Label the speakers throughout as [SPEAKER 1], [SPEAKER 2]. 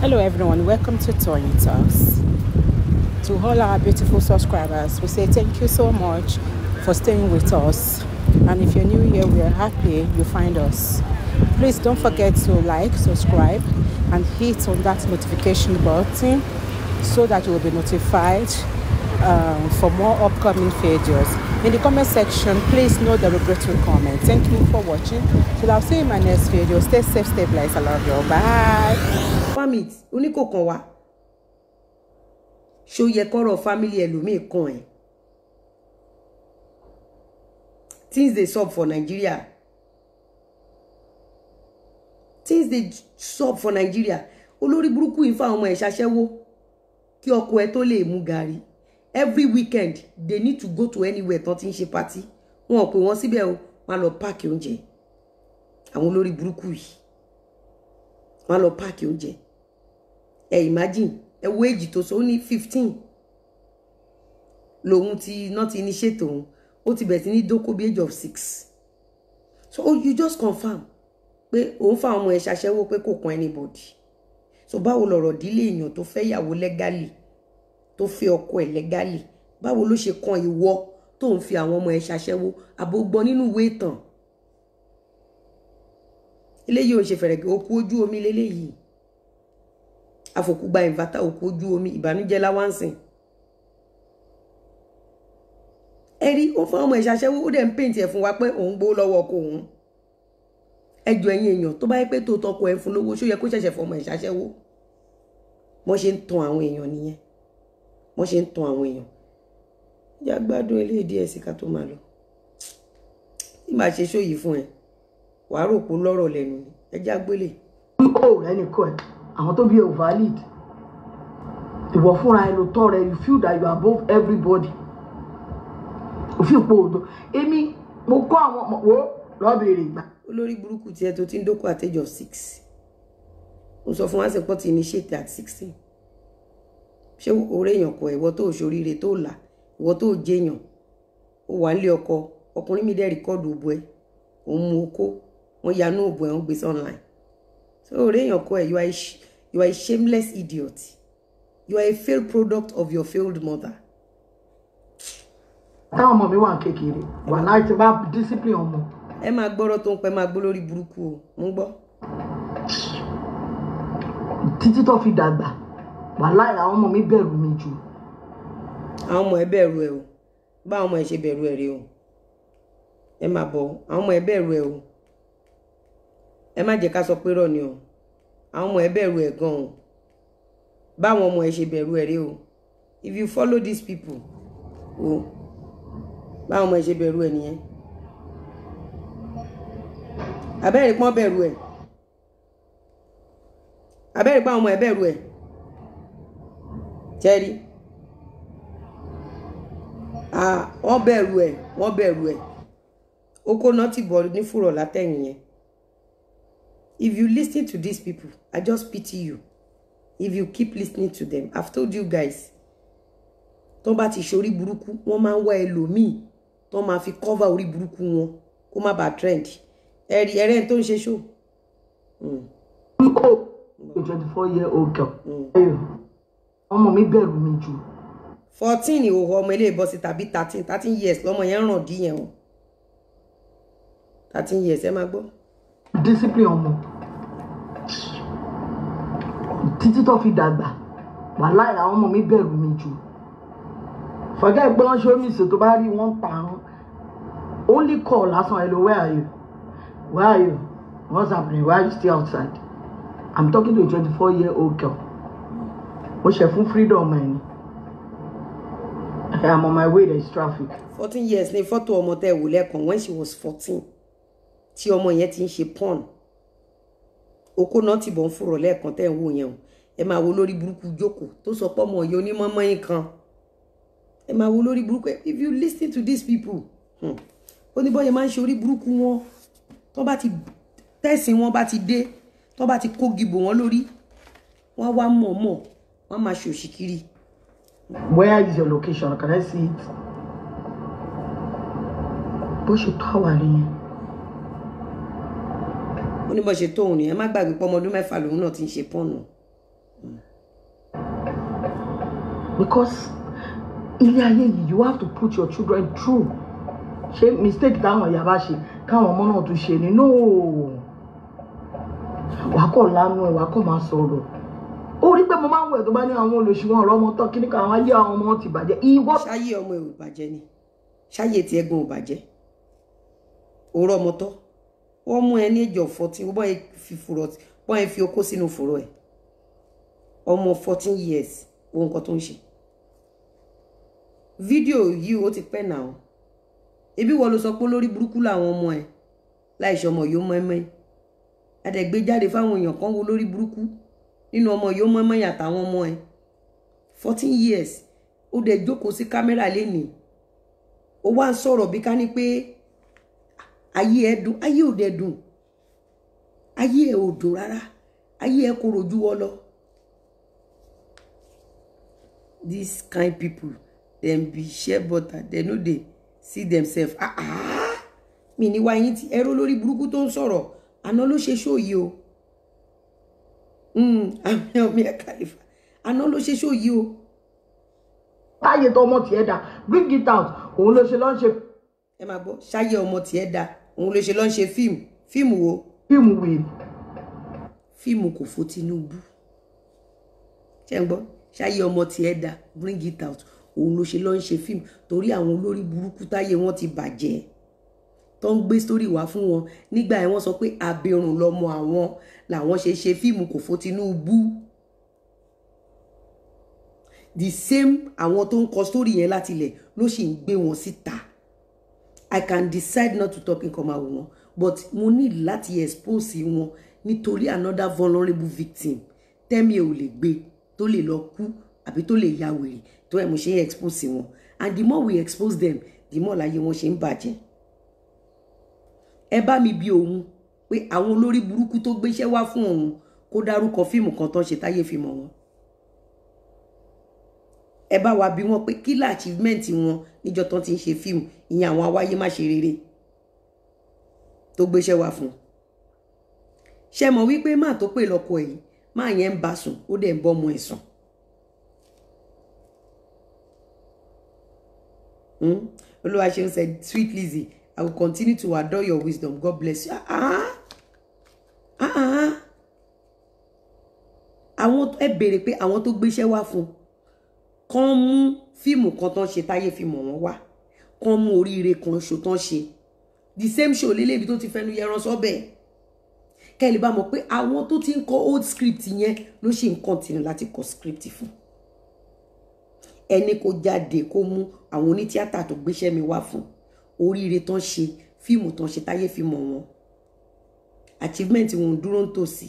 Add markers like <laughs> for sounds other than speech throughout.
[SPEAKER 1] hello everyone welcome to Tony Talks to all our beautiful subscribers we say thank you so much for staying with us and if you're new here we are happy you find us please don't forget to like subscribe and hit on that notification button so that you will be notified um, for more upcoming videos in the comment section please note the regretful comment thank you for watching till i'll see you in my next video stay safe stay blessed i love you bye Family, uniko oníkòkan wa ṣó yẹ kọ́rọ̀ family ẹlòmíì kan ẹ things dey sup for Nigeria things they sup for Nigeria olori burúkú yìí fáwọn ọmọ ẹ ṣaṣẹ́wó kí ọkọ ẹ tó lè mú gàrí every weekend they need to go to anywhere tó ti ń ṣe party wọn ò pè wọ́n síbẹ̀ o wọ́n á lọ páàkì oúnjẹ àwọn olórí burúkú yìí wọ́n á lọ páàkì oúnjẹ ẹ imagine ẹ wo èjì tó so ó ní fifteen lòun ti iná ti ní ṣètò òun ó ti bẹ̀rẹ̀ sí ní dókó bí age of six so oh, you just confirm pé òun fáwọn ọmọ ẹ̀ ṣaṣẹ́wó pé kò kan anybody so báwo lọ̀rọ̀ dílé èèyàn tó fẹ́ yàwó legally tó fẹ́ ọkọ ẹ̀ lẹ́gálì báwo ló ṣe kan ìwọ tó ń fi àwọn ọmọ ẹ̀ ṣaṣẹ́wó àbò gbọ́ nínú ìwé ìtàn eléyìí ò ń ṣe fẹ̀rẹ̀gẹ̀ òkú ojú omi léléyìí àfòkúgba ìvátà òkú ojú omi ìbànújẹ́ láwánsìn ẹ̀rí ó fún ọmọ ẹ̀ ṣaṣẹ́wó ó dẹ̀ ń pèntì ẹ̀ fún wa pé òun gbó lọ́wọ́ ọkọ òun ẹjọ́ ẹ̀yin èèyàn tó bá yẹ pé tó tọkọ ẹ̀ fún lówó ṣó yẹ kó ṣẹ̀ṣẹ̀ fọmọ ẹ̀ ṣaṣẹ́wó wọ́n ṣe ń tan àwọn èèyàn nìyẹn wọ́n ṣe ń tan àwọn èèyàn ìjà gbádùn eléyìí díẹ̀ sí ká tó máa lọ tí màá ṣe ṣóyìí fún ẹ wàá rò pé lọ́rọ̀ lẹ́nu ni ẹjá gbélé. o rẹ nìkan ẹ àwọn tó bí ẹ ò valid ìwọ fúnra ẹnu tán rẹ you feel that you are above everybody òfin ìpò òdo èmi mo kọ́ àwọn ọmọ wo lọ́bìnrin ìgbà. olórí burúkú tiẹ̀ tó ti ń dókòó àtẹ́jọ́ six mo sọ fún wa ṣe pọ́ ti initiate at sixteen ṣé ọ̀rẹ́ èèyàn kọ ìwọ tó ṣoríire tó là ìwọ tó jẹyàn ó wà nílé ọkọ ọkùnrin mi dẹ́ rìkọ́ọ̀dù òbò ẹ òun mú okó wọn yanú òbò ẹ wọn gbé online so ọ̀rẹ́ èèyàn kọ ẹ you are a, you are a shameless idiot you are a failed product of your failed mother. táwọn ọmọ mi wà kékeré wà láì tí bá discipline ọmọ. ẹ máa gbọ́rọ̀ tó ń pẹ́ máa gbó lórí burúkú o mo gbọ́. títí tó fi dàgbà wàláì àwọn ọmọ mi bẹ̀rù mi jù. àwọn ọmọ ẹ bẹ̀rù ẹ o bá àwọn ọmọ ẹ ṣe bẹ̀rù ẹ rè o ẹ máa bọ̀ àwọn ọmọ ẹ bẹ̀rù ẹ o ẹ má jẹ́ ká sọ pé rọ̀ ni o àwọn ọmọ ẹ bẹ̀rù ẹ gan o báwọn ọmọ ẹ ṣe bẹ̀rù ẹ rè o if you follow these people o báwọn ọmọ ẹ ṣe bẹ̀rù ẹ nìyẹn abẹ́rẹ́ pọ́n bẹ̀rù ẹ abẹ́rẹ́ pọ́n ọmọ ẹ bẹ̀rù ẹ tẹ́rí wọ́n bẹ̀rù ẹ̀ wọ́n bẹ̀rù ẹ̀ oko náà ti bọ̀ nífùrọ̀ látẹ̀yìn yẹn if you listen to these people I just pity you if you keep listening to them I've told you guys tó bá ti ṣorí burúkú wọ́n máa ń wá ẹlòmíì tó máa fi cover orí burúkú wọn kó má bàa trend ẹ̀rí ẹ̀rẹ́ tó ń ṣe ṣó. Hmm. twenty four year old girl. Hmm ọmọ mi bẹ̀rù mi jù. fourteen ìhòòhò ọmọ ilé ìbọsí tàbí thirteen thirteen years lọmọ yẹn ràn dí yẹn o thirteen years ẹ máa gbọ́. discipline ọmọ títí tó fi dàgbà wàhálà àwọn ọmọ mi bẹ̀rù mi jù fọ̀gá ìgbọ́n ṣe omi ìṣe tó bá rí wọ́n tààrùn only call lásán hello where are you where are you what's happening why are you still outside i'm talking to a twenty-four year old girl mo fún freedom ẹ̀ ni I on my way there is traffic. fourteen years ni fọ́tò ọmọ tẹ́ wò lẹ́ẹ̀kan when she was fourteen tí ọmọ yẹn ti ń ṣe porn okó náà ti bọ̀ ń fòrọ̀ lẹ́ẹ̀kan tẹ́ ń wò yẹn o ẹ máa wo lórí burúkú jókòó tó sọ pé ọmọ ọ̀yọ́ onímọ̀mọ́ yín kan ẹ máa wo lórí burúkú if you listen to these people hmm, ó ní bọ́yẹ máa ń ṣe orí burúkú wọn tó bá ti tẹ̀sìn wọn bá ti dé tó bá ti kó gìbò wọn lórí wọn wá mọ̀ọ́mọ̀ wọ́n máa ṣòṣì kiri. Where is your location? Can I see it? bó ṣe tó àwárí yẹn. ó ní bó ṣe tó òun nìyẹn má gbàgbé pọ́ ọmọ ọdún mẹ́fà lòun náà ti ń ṣe pọ́ọ̀nù. because ilé ayé yìí you have to put your children through ṣe mistake táwọn ìyá bá ṣe káwọn ọmọ náà tún ṣe ni no wàá kọ̀ lánàá ẹ̀ wàá kọ̀ máa sọ̀rọ̀ ó rí pé mo máa ń wẹ̀ tó bá ní àwọn olùṣùwọ̀n ọ̀rọ̀ ọmọ tán kí ní ká àwọn ayé àwọn ọmọ ti bàjẹ́ ìwọ. ṣáyé ọmọ ẹ ò bàjẹ́ ni ṣáyé ti ẹ̀gbọ́n ò bàjẹ́ òórọ̀ ọmọ tán wọ́n mú ẹ ní ìjọ fourteen wọ́n báyìí fi fùrọ̀ wọ́n yẹn fi okó sínú fùrọ̀ ẹ̀ ọmọ fourteen years wo nǹkan tó ń ṣe fídíò yìí ó ti pẹ́ náà ebi wọ́n ló sọ pé lórí burúkú làwọn ọmọ ẹ̀ láìsọ ọmọ yìí ó mọ ẹmọ ẹ̀ adẹ̀gbéjáde fáwọn èèyàn kan wo lórí burúkú nínú ọmọ yìí ó mọ́mọ́ yà àtàwọn ọmọ ẹ̀ fourteen years ó dẹ̀ jókòó sí kámẹ́rà lénìí ó wá ń sọ̀rọ̀ bí ká ní pé ayé ẹ dùn ayé ò dẹ̀ dùn ayé ẹ ò dùn rárá ayé ẹ korò ju wọ́ lọ. these kind people dem be share butter dem no dey see themselves ah ah, ah. mi ní wáyé ti ẹrú lórí burúkú tó ń sọ̀rọ̀ àná ló ṣe ṣó o. Mm, àmì ọmọ ẹ̀ka ìfà àná ló ṣe ṣó yìí o. táyé tó ọmọ tiẹ̀ dá bring it out òun ló ṣe lọ́n ṣe. ẹ máa gbọ́ ṣáyé ọmọ tiẹ̀ dá òun ló ṣe lọ́n ṣe fíìmù fíìmù wo. fíìmù wèrè. fíìmù kò fó Tinubu ṣe ń gbọ́ ṣáyé ọmọ tiẹ̀ dá bring it out òun ló ṣe lọ́n ṣe fíìmù torí àwọn olórí burúkú táyé wọn ti bàjẹ́ tó ń gbé sórí wá fún wọn nígbà yẹn wọ́n sọ pé abirùn lọmọ àwọn làwọn ṣe ṣe fíìmù kò fó Tinubu the same àwọn tó ń kọ sórí yẹn láti ilẹ̀ ló sì ń gbé wọn síta I can decide not to talk in common, wò wọn but mo need láti expose wọn nítorí another vulnerable victim tẹ́mi ò lè gbé tó lè lọ kú àbí tó lè ya wèrè tó ẹ̀ mo ṣe expose wọn and the more we expose them the more láyé wọn ṣe ń bàjẹ́ ẹ bá mi bi òun pé àwọn olórí burúkú tó gbéṣẹ́ wá fún òun kó dárúkọ fíìmù kan tán ṣe táyé fi mọ̀ wọn ẹ bá wa bi wọn pé kí la achievement wọn níjọ́ tán ti ń ṣe fíìmù ìyẹn àwọn awáyé má ṣe rere tó gbéṣẹ́ wá fún ṣe mọ̀ wípé má tó pè lọ́kọ ẹ̀ yìí má yẹn ń bá sùn ó dẹ̀ ń bọ́ ọmọ ẹ̀ sùn hmm? olúwa ṣe ń sẹ sweet Lizzie. I will continue to adore your wisdom. God bless you. Ah, ah, ah. ah, ah. Àwọn ẹ béèrè pé àwọn tó gbéṣẹ́ wá fún kàn mú fíìmù kan tán ṣe táyé fíìmù wọn wá kàn mú oríire kan ṣo tán ṣe the same show lélẹ́bi tó ti fẹ́nu yẹran sọ́bẹ̀ kẹ́lẹ́ bá mọ̀ pé àwọn tó ti ń kọ old script yẹn ló ṣì ń continue láti kọ script fún ẹni kó jáde kó mú àwọn onítíátà tó gbéṣẹ́ mi wá fún un oríire tán ṣe fíìmù tán ṣe táyé fi mọ̀ wọn achievement wọn dúró ń tòsí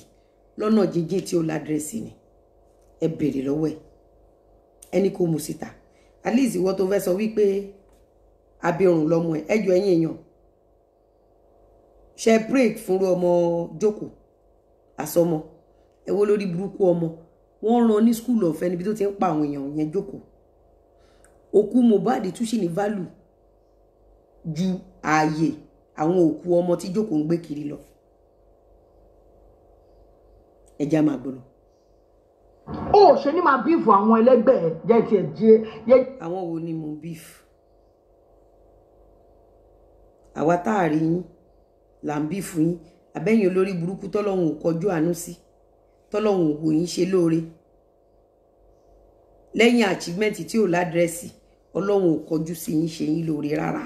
[SPEAKER 1] lọ́nà jíjìn tí ó ládírẹ́sì ni ẹ bèrè lọ́wọ́ ẹ ẹni kò mú síta at least ìwọ tó fẹ́ sọ wípé abirùn lọmọ ẹ ẹjọ ẹ̀yin èèyàn ṣe break fúnru ọmọ jókòó àsọmọ ẹ wo lórí burúkú ọmọ wọ́n rán ní skul ọ̀fẹ́ níbi tó ti ń pa àwọn èèyàn yẹn jókòó òkú Mohbad tún ṣì ní value ju ààyè àwọn òkú ọmọ tí jókòó ń gbé kiri lọ ẹja máa gbọnà. ó ṣe ní máa bíìfù àwọn ẹlẹgbẹ́ ẹ jẹ tiẹ jẹ. àwọn wo ni mo bíìfù àwa tá a rí yín là ń bíìfù yín abẹ́yìn olórí burúkú tọ́lọ́hún ò kọjú àánú sí tọ́lọ́hún ò wò yín ṣe lóore lẹ́yìn achievement tí ò ládírẹ́sì ọlọ́run ò kọjú sí yín ṣe yín lóore rárá.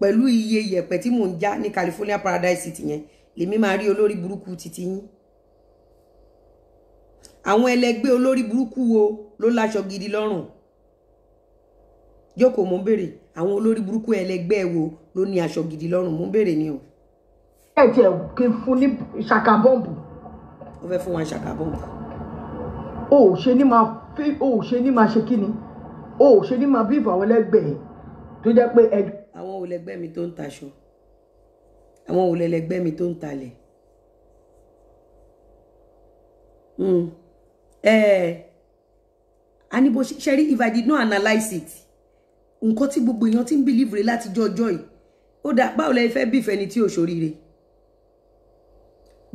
[SPEAKER 1] pẹ̀lú iye yẹ̀pẹ̀ tí mò ń já ní California Paradise City yẹn lèmi máa rí olórí burúkú títí yín àwọn ẹlẹgbẹ́ olórí burúkú wo ló láṣọ gidi lọ́rùn jókòó mò ń béèrè àwọn olórí burúkú ẹlẹgbẹ́ wo ló ní aṣọ gidi lọ́rùn mò ń béèrè ni o. ẹ jẹ́ kí n fún ní ṣàkàbọǹbù. ó fẹ́ fún wa ṣàkàbọǹbù. o ò ṣe ní máa fi o ò ṣe ní máa ṣe kí ni o ò ṣe ní máa bí ìfọ̀ tó jẹ́ pé lẹgbẹ́ mi tó ń taṣọ àwọn wo lẹlẹgbẹ́ mi tó ń talẹ̀ hmm. eh, ani bó ṣe rí if i did not analyse it nǹkan tí gbogbo èèyàn ti ń believe rẹ̀ láti jọ ọjọ́ yìí ó dá báwo lẹ fẹ́ bí ìfẹ́ ni tí ò ṣoríire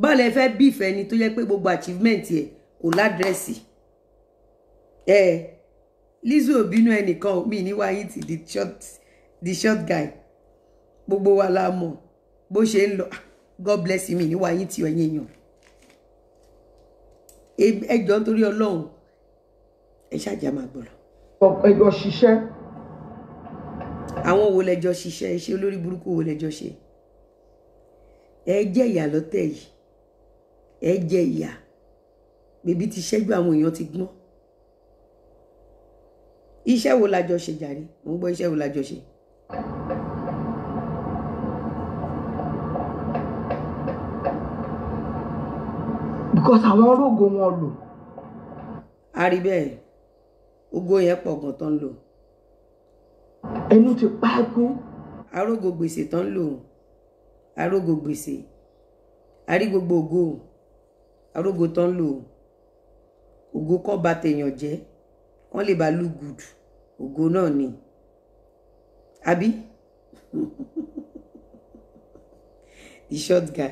[SPEAKER 1] báwo lẹ fẹ́ bí ìfẹ́ ni tó yẹ pé gbogbo achievement ẹ̀ kò ládírẹ́sì ẹ eh, Lizzy ẹnìkan mi níwáyé ti the short the short guy gbogbo wa la mọ̀ bó ṣe ń lọ god bless me ní wáyé tí ẹ̀yin èèyàn ẹjọ́ nítorí ọlọ́run ẹ ṣáàjà máa gbọ́dọ̀. ẹjọ́ ṣiṣẹ́. àwọn wo lẹjọ́ ṣiṣẹ́ iṣẹ́ olórí burúkú wo lẹjọ́ ṣe ẹ jẹ́ ìyà lọ́tẹ̀ yìí ẹ jẹ́ ìyà bèbí ti ṣẹ́jú àwọn èèyàn ti gbọ́n iṣẹ́ wo lájọ ṣe jàre mo ń gbọ́ iṣẹ́ wo lájọ ṣe. because àwọn ológo wọn lò. a rí bẹ́ẹ̀ ògo yẹn pọ̀ gan tán lò. ẹnu ti pa ẹkún. arógo gbèsè tán lò arógo gbèsè arí gbogbo ògo arógo tán lò ògo kọ́ ba tèèyàn jẹ́ wọ́n lè ba lùgùd ògo náà ni Abi, <laughs> the short guy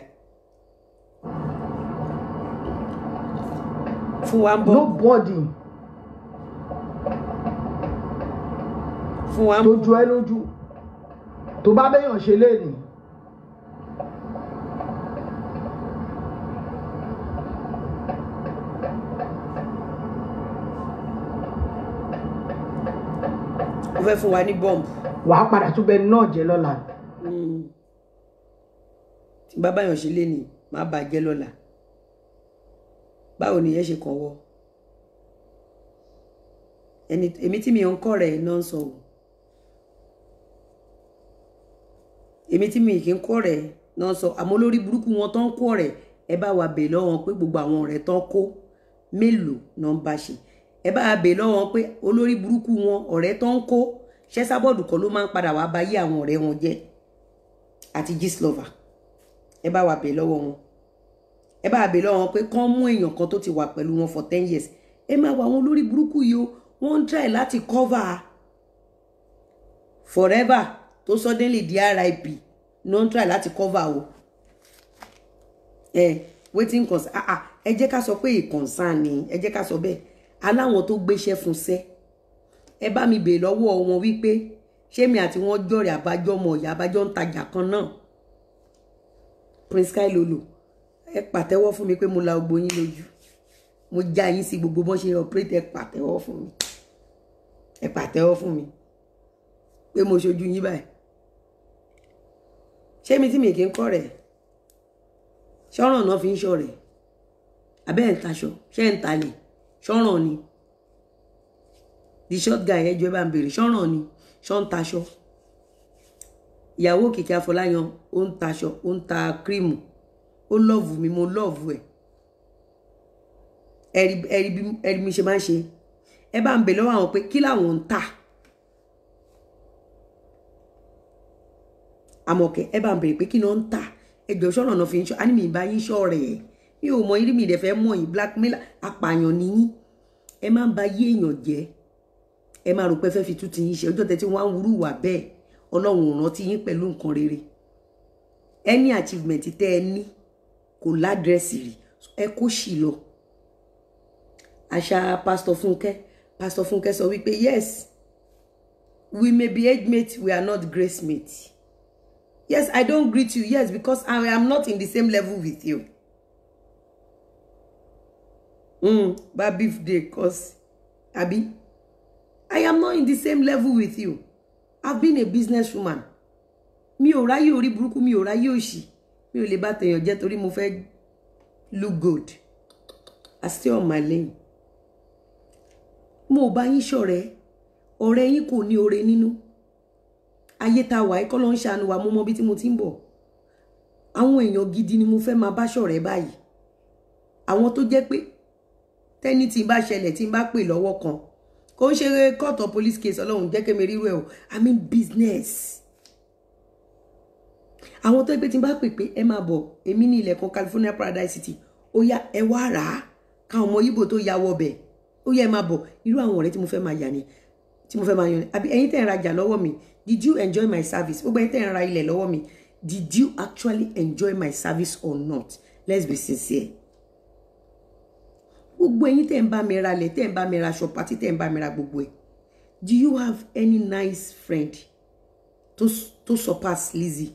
[SPEAKER 1] fún wa ń bọ̀ nobody fún wa ń bọ̀ tó ju ẹ lójú tó bá bẹ́yàn ṣe léèní. ó fẹ́ fún wa ní bọ́ǹbù. wàá padà tún bẹ náà jẹ lọ́la. Hmm. tí bàbá yàn ṣe lé ní màá bàjẹ́ lọ́la báwo nìyẹn ṣe kàn wọ ẹni èmi tí mi ò ń kọ́ rẹ̀ iná ń sọ o èmi tí mi kì í kọ́ rẹ̀ iná ń sọ àmọ́ lórí burúkú wọn tó ń kọ́ rẹ̀ ẹ bá wa bè lọ́wọ́ pé gbogbo àwọn ọ̀rẹ́ tó kó mélòó náà ń bá ṣe ẹ bá wa bè lọ́wọ́ pé olórí burúkú wọn ọ̀rẹ́ tó kó ṣẹ́sábọ́ọ̀dù kan ló máa ń padà wá báyé àwọn ọ̀rẹ́ wọn jẹ́ àti gist ẹ bá wa bè lọ́wọ́ wọn ẹ bá bè lọ́wọ́ pé kán mú èèyàn kan tó ti wà pẹ̀lú wọn for ten years ẹ máa wà wọn lórí burúkú yìí o wọ́n ń try láti cover forever tó suddenly di RIP ló ń try láti cover o ẹ wetin concern ah ah ẹ jẹ́ ká sọ pé concern ni ẹ jẹ́ ká sọ bẹ́ẹ̀ aláwọn tó gbéṣẹ́ fún sẹ́ ẹ bá mi bè lọ́wọ́ wọn wípé ṣé mi àti wọn jọ̀rẹ̀ àbájọ́ ọmọ ìyá àbájọ́ ń tajà kan náà Prince Kai Lolo ẹ pàtẹ́wọ́ fún mi pé mo la gbogbo yín lójú mo já yín sí gbogbo bọ́n ṣe ọ̀pẹ́rẹ́tì ẹ pàtẹ́wọ́ fún mi ẹ pàtẹ́wọ́ fún mi pé mo ṣojú yín báyìí ṣé mi tí mi kì í kọ́ rẹ̀ ṣọ́ràn náà fi ń ṣọ̀rẹ̀ abẹ́ ẹ̀ ń taṣọ ṣé ẹ̀ ń talẹ̀ ṣọ́ràn ni the short guy ẹjọ́ ẹ bá ń bèrè ṣọ́ràn ni ṣọ́ ń taṣọ ìyàwó Kìkì Afọláyan ó ń taṣọ ó ń ta kírìmù ó lọ́ọ̀vù mi mo lọ́ọ̀vù ẹ̀ ẹ̀rí ẹ̀rí bí mi ṣe máa ń ṣe ẹ bá ń bẹ̀ lọ́wọ́ àwọn pé kí làwọn ń tà àmọ̀kẹ́ ẹ bá ń bèrè pé kí ló ń tà ẹgbẹ́ ṣọ́nà náà fi ń ṣọ́ á ní mi ìbá yín ṣọ́ rẹ̀ mi ò mọ irí mi ìdẹ̀ fẹ́ mọ̀ yìí blackmail apààyàn nìyí ẹ máa ń ba yé èèyàn jẹ́ ẹ máa rò pé fẹ́ fi tú ti yín ṣe ọjọ́ tẹ́tí wọ́n á wúrú wà bẹ́ẹ̀ ọlọ́run ò rántí yín pẹ̀lú nǹkan rere any achievement tẹ́ ẹ ní kò ládírẹ́sì rí ẹ kó ṣì lọ àṣà pásítọ̀ fúnkẹ́ pásítọ̀ fúnkẹ́ sọ wípé yes we may be age mate we are not grace mate yes i don't greet you yes because i am not in the same level with you mm, bad birthday cause abi i am not in the same level with you i've been a business woman mi ò ráyè orí burúkú mi ò ráyè òṣì mi ò lè bá tèèyàn jẹ́ torí mo fẹ́ look good I stay on my lane mo bá yín ṣọ̀rẹ́ ọ̀rẹ́ yín kò ní oore nínú ayé ta wà kọ́ ló ń ṣàánú wa mo mọ ibi tí mo ti ń bọ̀ àwọn èèyàn gidi ni mo fẹ́ máa bá ṣọ̀rẹ́ báyìí àwọn tó jẹ́ pé tẹ́ni tí n bá ṣẹlẹ̀ tí bá pè lọ́wọ́ kan kò ń ṣe court or police case ọlọ́run jẹ́ kémi rírú o I mean business àwọn tó ń pè tí n bá pè pé ẹ máa bọ̀ èmi ní ilẹ̀ kan California Paradise City ó yá ẹ wá rà á káwọn ọmọ Yíbò tó ya wọ bẹ̀ ó yá ẹ máa bọ̀ irú àwọn ọ̀rẹ́ tí mo fẹ́ máa yà ni tí mo fẹ́ máa yan ni àbí ẹ̀yin tẹ̀ ń rajà lọ́wọ́ mi did you enjoy my service ó gbẹ́ ẹ̀yin tẹ̀ ń ra ilẹ̀ lọ́wọ́ mi did you actually enjoy my service or not let's be sincere gbogbo ẹ̀yin tẹ̀ ń bá mi ra lẹ̀ tẹ̀ ń bá mi ra aṣọ pàtí tẹ̀ ń bá mi ra gbogbo ẹ̀ do you have any nice friend to to surpass Lizzie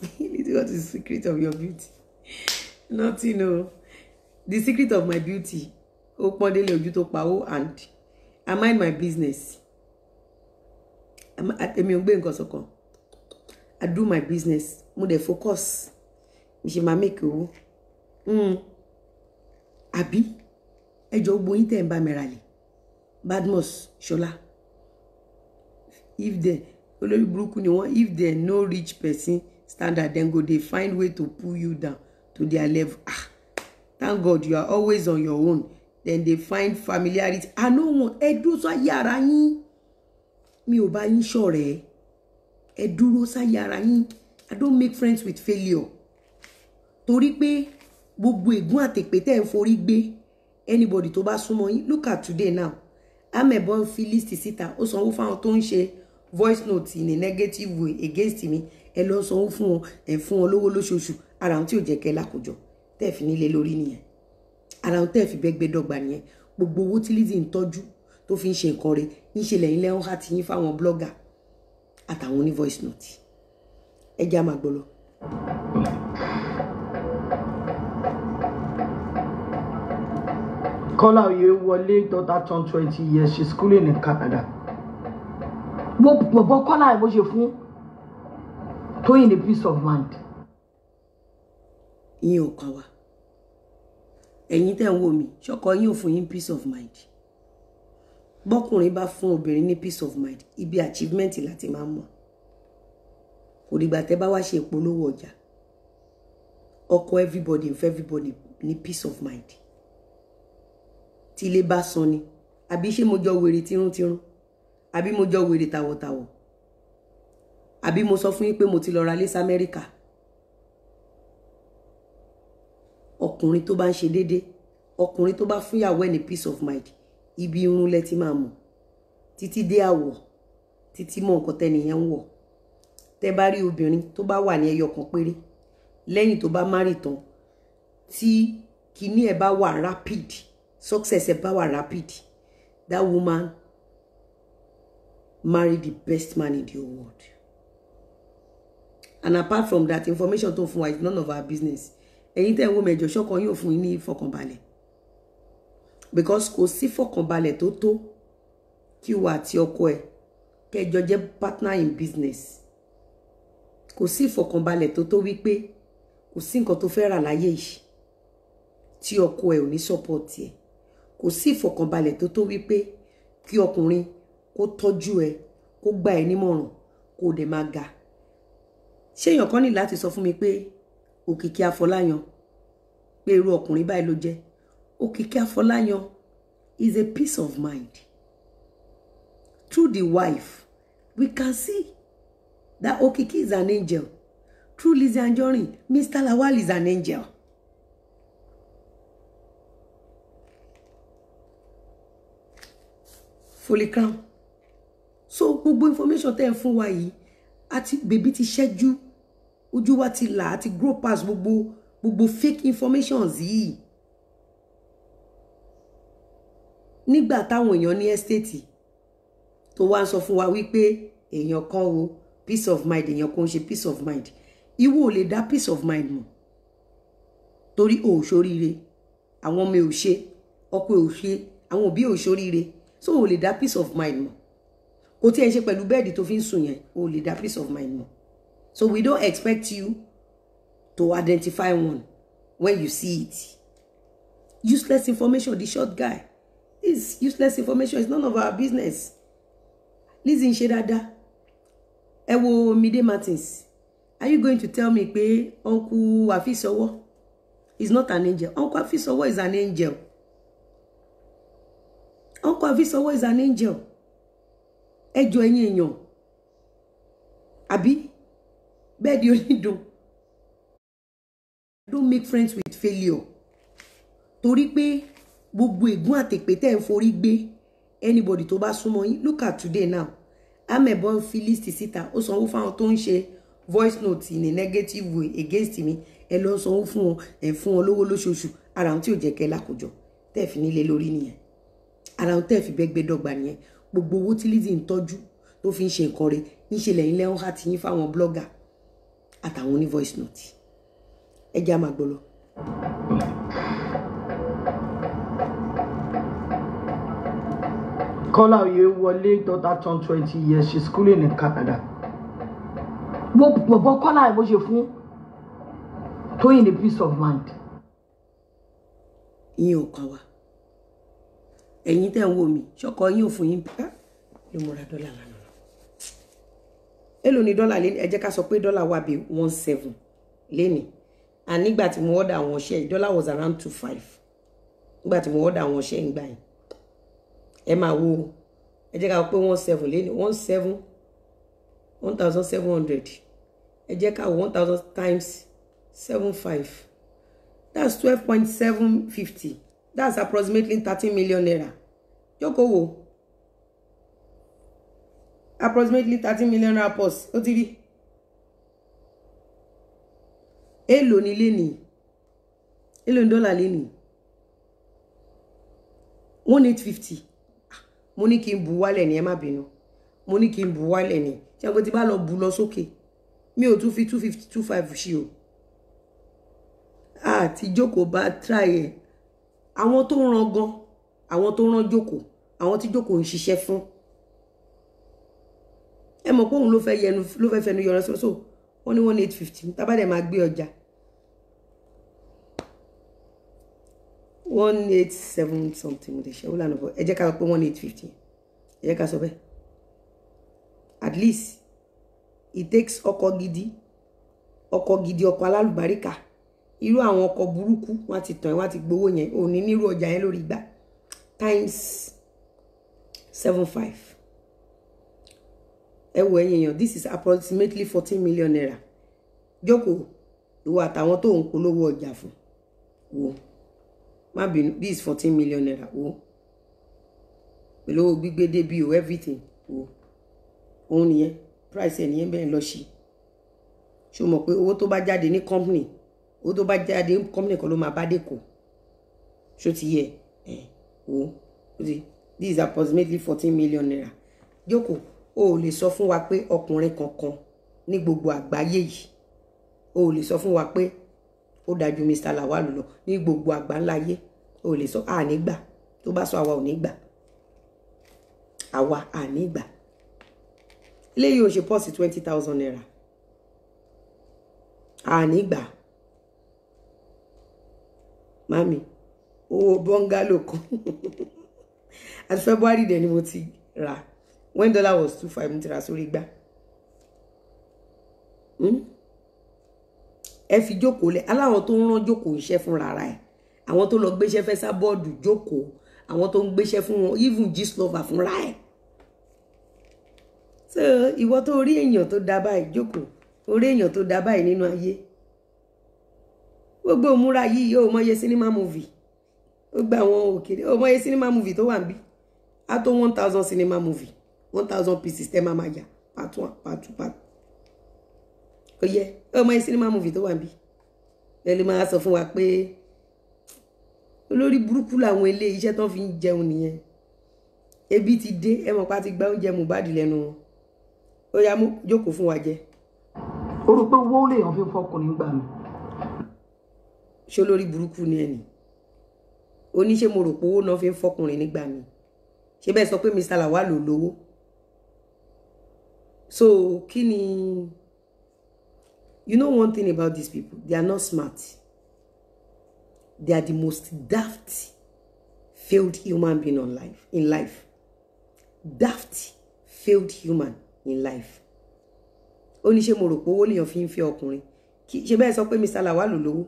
[SPEAKER 1] what is <laughs> the secret of your beauty nothing o the secret of my beauty ó pọ́n délé ojú tó pa and i mind my business èmi ò gbé nǹkan sọ̀kan i do my business mo dey focus mo ṣe máa make owó hmm. àbí ẹjọ́ gbogbo yín buy ń bá mi rà lè Badmus Ṣọlá if they only burúkú ni wọ́n if they no rich person standard dem go dey find way to pull you down to their level ah thank god you are always on your own dem dey find familiarity i no want. ẹ dúró sáyé yín mi ò bá yín ṣọ̀rẹ́ ẹ dúró sáyé yín i don't make friends with failure torí pé gbogbo ègún àtèpé tẹ́ ẹ̀ ń forí gbé anybody tó bá súnmọ́ yín look at today now amẹ̀bọ́n fi list síta ó sanwó fáwọn tó ń ṣe voice note in a negative way against me ẹ lọ sanwó fún wọn ẹ fún wọn lówó lóṣooṣù ara àwọn tí ò jẹ́ kẹ́ lákòjọ tẹ́ ẹ̀ fi nílé lórí nìyẹn ara àwọn tẹ́ ẹ̀ fi bẹ́gbẹ́ dọ́gba nìyẹn gbogbo owó tí Lizzy ń tọ́jú tó fi ń ṣe nǹkan rẹ̀ níṣe lẹ́yìn lẹ́hìn àti yín fáwọn blọ́gà àtàwọn oní voice note ẹ jẹ́ àmà gbọ́ lọ. Kọ́lá Oyèwọlé daughter turned twenty years she's schooling in Canada. Mo bọ̀ Kọ́lá ẹ̀ bó ṣe fún in a peace of mind. Ìyẹn ò kàn wá. Ẹ̀yin tẹ́ ń wò mí, ṣọ́kọ yín ò peace of mind. Bọ́kùnrin bá fún obìnrin ní peace of mind, ibi achievement láti máa mọ̀. Kò dìgbà tẹ́ bá wá ṣe ìpolówó ọjà. Ọkọ everybody ń everybody ni peace of mind. Tí ilé bá sọ ni, àbí ṣé mo jọ wèrè tírúntírún? Àbí mo jọ wèrè tàwọ̀tàwọ̀? àbí mo sọ fún yín pé mo ti lọ ra lẹ́sà amẹ́ríkà ọkùnrin tó bá ń ṣe déédéé ọkùnrin tó bá fúnyàwó ẹ̀ peace of mind ibi irun lẹ ti máa mọ̀ títí dé àwọ̀ títí mọ nǹkan tẹnìyẹn ń wọ̀ tẹ́ bá rí obìnrin tó bá wà ní ẹyọ kan péré lẹ́yìn tó bá márì tán tí kinní ẹ̀ bá wà rapid success ẹ̀ bá wà rapid that woman marry the best man in the world and apart from that information tó fún wa is none of our business ẹ̀yin tẹ́ ń wò mẹ́jọ ṣọ́kan yóò fún yín ní ìfọkànbalẹ̀ because kò sí fọkànbalẹ̀ tó tó kí wà àti ọkọ ẹ̀ kẹjọ jẹ́ partner in business kò sí ìfọkànbalẹ̀ tó tó wípé kò sí nǹkan tó fẹ́ rà láyé yìí tí ọkọ ẹ̀ ò ní support ẹ̀ kò sí ìfọkànbalẹ̀ tó tó wípé kí ọkùnrin kó tọ́jú ẹ kó gbà ẹ́ nímọ̀ràn kó dẹ̀ máa ga ṣé èèyàn kan ní láti sọ fún mi pé òkìkí afọláyan pé irú ọkùnrin báyìí ló jẹ́ òkìkí afọláyan is a peace of mind through the wife we can see that okiki is an angel through Lizzy Anjorin Mr. Lawal is an angel. Foley crown so gbogbo information tẹ́ ẹ fún wa yìí àti bèbí ti ṣẹ́jú ojú wa ti là á ti grow past gbogbo gbogbo fake informations yìí nígbà táwọn èèyàn ní estate tó wá ń sọ fún wa wípé èèyàn kan o peace of mind èèyàn kan ṣe peace of mind ìwọ ò lè dá peace of mind mọ̀ torí o ò ṣoríire àwọn ọmọ ò ṣe ọkọ ò ṣe àwọn òbí ò ṣoríire so o ò lè dá peace of mind mọ̀ kò tí ẹ ṣe pẹ̀lú bẹ́ẹ̀dì tó fi ń sùn yẹn o ò lè dá peace of mind mọ̀. So we don't expect you to identify one when you see it. Useless information, the short guy. This useless information is none of our business. Listen, Shedada. Ẹ wo Mide Martins. Are you going to tell me pé Uncle Afisowo is not an angel? Uncle Afisowo is an angel. Uncle Afisowo is an angel. Ejo ẹ̀yin èèyàn. Abi you need to don't make friends with failure torí pé gbogbo ègún àtèpé tẹ́ ń forí gbé anybody to bá súnmọ́ yín look at today now amẹ̀bọ́n filisti síta ó sanwó fáwọn tó ń ṣe voice note a negative way against mi ẹ lọ sanwó fún wọn ẹ fún wọn lówó lóṣooṣù ara àwọn tí ò jẹ́ kẹ́ lákòjọ tẹ́ fi nílé lórí nìyẹn ara àwọn tẹ́ fi bẹ́gbẹ́ dọ́gba nìyẹn gbogbo owó tí Lizzy ń tọ́jú tó fi ń ṣe nǹkan rẹ̀ níṣẹ́ lẹ́yìn lẹ́hìn àti yín fáwọn blogger àtàwọn oní voice note ẹ já máa gbọ́ lọ. Kọ́lá Oyèwọlé daughter turned twenty years she's schooling in Canada. Wo bọ̀bọ̀ Kọ́lá ìwọ ṣe fún Tóyìn ní peace of mind. Ìyẹn ò kàn wá. Ẹ̀yin tẹ̀ ń wò mí, ṣọ́kọ yín ò fún yín bí. Yóò múra dọ́là lánàá èló ni dọ́là lẹ́ni ẹ jẹ́ ká dollar pé dọ́là wà bí one seven lẹ́ni and nígbà tí mo order àwọn ọṣẹ yìí dọ́là was around two five nígbà tí mo order àwọn ọṣẹ yìí gbà yẹn ẹ máa wo ẹ jẹ́ ká sọ pé one seven lẹ́ni one seven one thousand seven hundred ẹ jẹ́ ká one thousand times seven five that's twelve point seven fifty that's approximately thirteen million naira Yoko. wo approximately thirty million naira pos ó ti rí èèlò ní lénìí èèlò ní dọ́là one eight fifty ah, mo ní kí n bu wálẹ̀ ní ẹ má bínú mo ní kí n bu wálẹ̀ ní tí a ti bá lọ bu lọ sókè mi ò tún fi two fifty two five ṣe o àti ah, jókòó try ẹ àwọn to ń ran gan àwọn to ń ran jókòó àwọn tí jókòó ń ṣiṣẹ́ fún ẹ mọ̀ pé òun ló fẹ́ yẹnu ló fẹ́ fẹnu yọrọ sọ́sọ́ wọ́n ní one eight fifty tábà dẹ̀ máa gbé ọjà one eight seven something mo lè ṣe ó bọ̀ ẹ jẹ́ ká sọ pé one eight fifty ẹ jẹ́ ká sọ bẹ́ẹ̀ at least it takes ọkọ̀ gidi ọkọ̀ gidi ọkọ̀ alálùbáríkà irú àwọn ọkọ̀ burúkú wọ́n ti tàn ẹ́ wọ́n ti gbowó yẹn òní nírú ọjà yẹn lórí gbà times seven five ẹ wo èèyàn this is approximately fourteen million naira jókòó ìwọ àtàwọn tó ń polówó ọjà fún wo má bínú this is fourteen million naira wo pẹ̀lú owó gbígbé débi o everything wo òun nìyẹn price ẹ̀ nìyẹn bẹ́ẹ̀ lọ sí ṣó mọ̀ pé owó tó bá jáde ní company owó tó bá jáde ní company kan ló máa bá dé ṣó ti yẹ ẹ wo this is approximately fourteen million naira jókòó o ò lè sọ fún wa pé ọkùnrin kankan ní gbogbo àgbáyé yìí o ò lè sọ fún wa pé ó dájú Mr. Lawal lọ ní gbogbo àgbáńláyé o ò lè sọ àní gbà tó bá sọ àwa ò ní gbà àwa àní gbà eléyìí ò ṣe pọ́ọ̀sì twenty thousand naira àní gbà mami owó bọ́ngálò kan àti <laughs> February dẹ̀ ni mo ti rà One dollar was two five mo ti ra sórí gbá hmm? ẹ fi jókòó lẹ aláwọn tó ń rán jókòó iṣẹ́ fúnra ara ẹ̀ àwọn tó lọ gbéṣẹ́ fẹ́ sábọ́ọ̀dù jókòó àwọn tó ń gbéṣẹ́ fún wọn even gist lover fúnra ẹ̀ so ìwọ tó rí èèyàn tó da báyìí jókòó orí èèyàn tó da báyìí nínú ayé gbogbo òmúra yìí ó mọye sinimá movie ó gba àwọn òkèrè ó mọye sinimá movie tó wà níbí á tó one thousand cinema movie one thousand pieces tẹ́ máa máa yà part one part two part ó yẹ ọmọ yẹn movie tó wà níbí ẹ lè máa sọ fún wa pé olórí buruku la ilé iṣẹ́ tó fi ń jẹun nìyẹn ebi ti de e mo pa ti gba oúnjẹ Mohbad lẹ́nu wọn ó yá mú jókòó fún wa jẹ. ó rò pé owó lè yàn fi fọkùnrin gbà mí. ṣé olórí burúkú ni ẹ nì oníṣẹ́ mo rò pé owó náà fi ń fọkùnrin nígbà mi ṣé bẹ́ẹ̀ sọ pé Mr. Lawal lò lówó so Kini, you know one thing about these people they are not smart they are the most daft failed human being on life in life daft failed human in life ó ní ṣé mo rò pé owó lèèyàn fi ń fẹ́ ọkùnrin kì í ṣe bẹ́ẹ̀ sọ pé Mr. Lawal lówó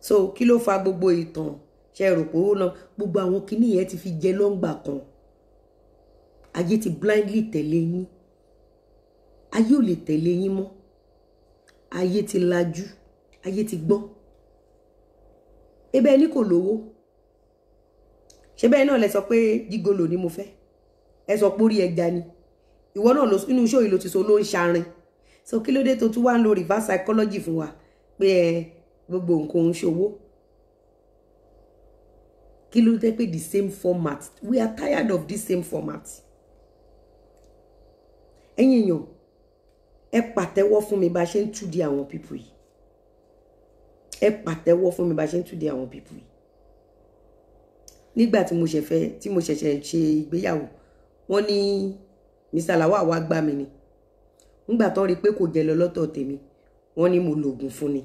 [SPEAKER 1] so kí ló fa gbogbo ìtàn ṣe rò pé owó náà gbogbo àwọn kinní ti fi jẹ lọ́ngbà kan ayé ti blindly tẹ̀lé yín ayé ò lè tẹ̀lé yín mọ́ ayé ti lajú ayé ti gbọ́n ebe ẹni kò lówó ṣe bẹ́ẹ̀ náà lẹ sọ pé jígolo ni mo fẹ́ ẹ sọ pé orí ẹja ni ìwọ náà inú iṣẹ́ òyìn ló ti sọ ló ń ṣarin so kí ló dé tó tún wá ń lo reverse psychology fún wa pé ẹ gbogbo nǹkan ń ṣòwò kí ló dé pé the same format we are tired of this same format ẹ̀yin èèyàn ẹ pàtẹ́wọ́ fún mi bá ṣe ń túdi àwọn pípù yìí ẹ pàtẹ́wọ́ fún mi bá ṣe ń túdi àwọn pípù yìí nígbà tí mo ṣẹ̀fẹ́ tí mo ṣẹ̀ṣẹ̀ ṣe ìgbéyàwó wọ́n ní Mr. Lawal wá gbá mi ni nígbà tó rí i pé kò jẹ lọ lọ́tọ̀ tèmi wọ́n ní mo lògùn fún ni